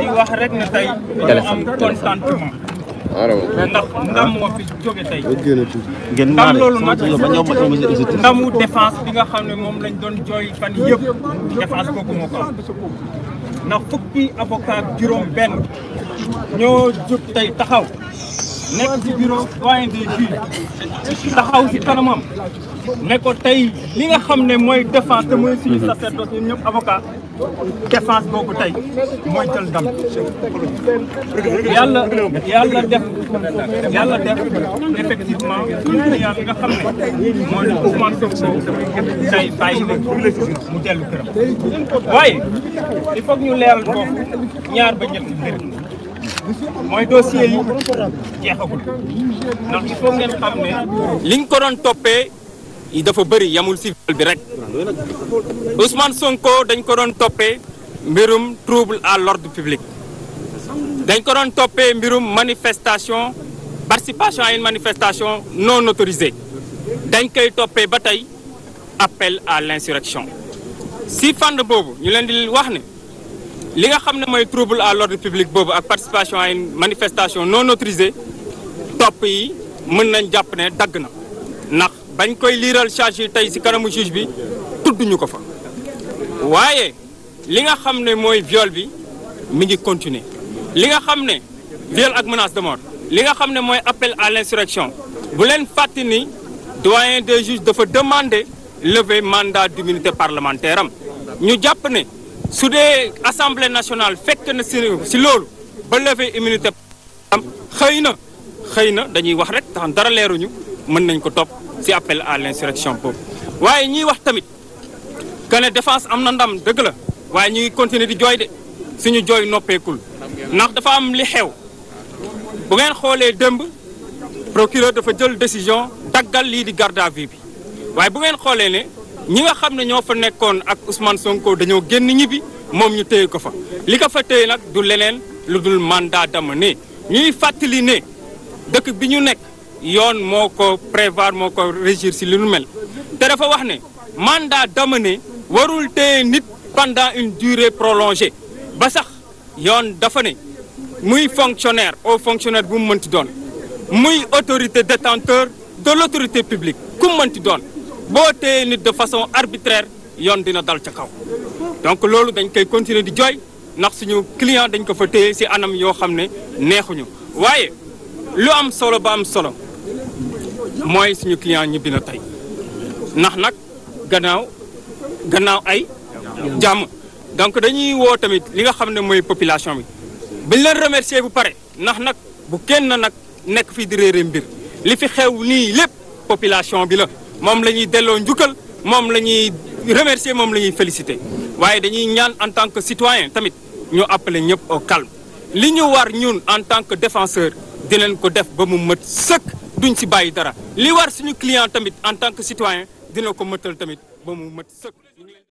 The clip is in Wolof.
di wax rek ne tey dañu am contentement ndax ndam moo fi jóge tey ndam loolu nag ndamu défense bi nga xam ne moom lañ doon jooy fan yëpp défense kooku moo ko am ndax fukki avocat juróom benn ñoo jóg tey taxaw nekk ci bureau doyen des taxaw ci kanamam ne ko tey li nga xam ne mooy défense te mooy suñu sacerdoce ñun ñëpp avocat défense boobu tey mooy jël ndam yàlla yàlla def yàlla def effectivement suñu client bi nga xam ne moo ne Ousmane Sonko tey bàyyi na mu dellu këram waaye il faut ñu leeral foofu ñaar ba ñetti mbir mooy dossier yi jeexagul ndax il faut ngeen xam ne liñ ko doon toppee Il dafa bëri yamul si viol bi rek Ousmane Sonko dañ ko doon toppé mbirum trouble à l'ordre public dañ ko doon toppé mbirum manifestation participation à une manifestation non autorisée dañ koy toppé ba tey appel à l'insurrection si fànn boobu ñu leen di wax ne li nga xam ne mooy trouble à l'ordre public boobu ak participation à une manifestation non autorisée topp yi mën nañ jàpp ne dagg na dañ koy liiral charge yi tey ci kanamu juge bi tudduñu ko fa waaye li nga xam ne mooy viol bi mu ngi continuer li nga xam ne viol ak menace de mort li nga xam ne mooy appel à l'insurrection bu leen fàtte ni doyen des juges dafa demander lever mandat d'immunité parlementaire am ñu jàpp ne su dee assemblée nationale fekk na si si loolu ba lever immunité am xëy na xëy na dañuy wax rek tax dara leeruñu mën nañ ko topp si appel à l'insurrection pop waye ñi wax tamit que ne défense amna ndam deug la waye ñi ngi continuer di joy de suñu joy noppeekul ndax dafa am li xew bu ngeen xolé demb procureur dafa jël décision daggal li di garde à vue bi waaye bu ngeen xolé ne ñi nga xam ño fa nekkoon ak Ousmane Sonko dañoo génn ñibbi mom ñu téye ko fa li ko fa téye nak du leneen lu dul mandat d'amener ñuy fàttali ne dëkk bi ñu nekk yoon moo ko prévoir régir mandat d'amener pendant une durée prolongée ba sax yoon dafa ne muy fonctionnaire au fonctionnaire bu muy autorité détenteur de l'autorité publique ku mu mënti de façon arbitraire yoon dina dal ca kaw donc loolu dañ koy continuer di jooy ndax suñu client ko fa anam solo solo moy suñu client ñibbi na tey ndax nag gannaaw gannaaw ay jàmm donc dañuy wo tamit li nga xamne moy population bi bu leen remercier bu paré ndax nak bu kenn nak nek fi di réere mbir li fi xew ni lepp population bi la mom lañuy ñuy ñukal mom lañuy remercier mom lañuy féliciter waaye dañuy ñaan en tant que citoyen tamit ñu appelé ñëpp au calme li ñu war ñun en tant que défenseur dinañ ko def ba mu mët sëkk duñ ci bàyyi dara li war suñu client tamit en tant que citoyen dina ko tamit ba mu mët sëkk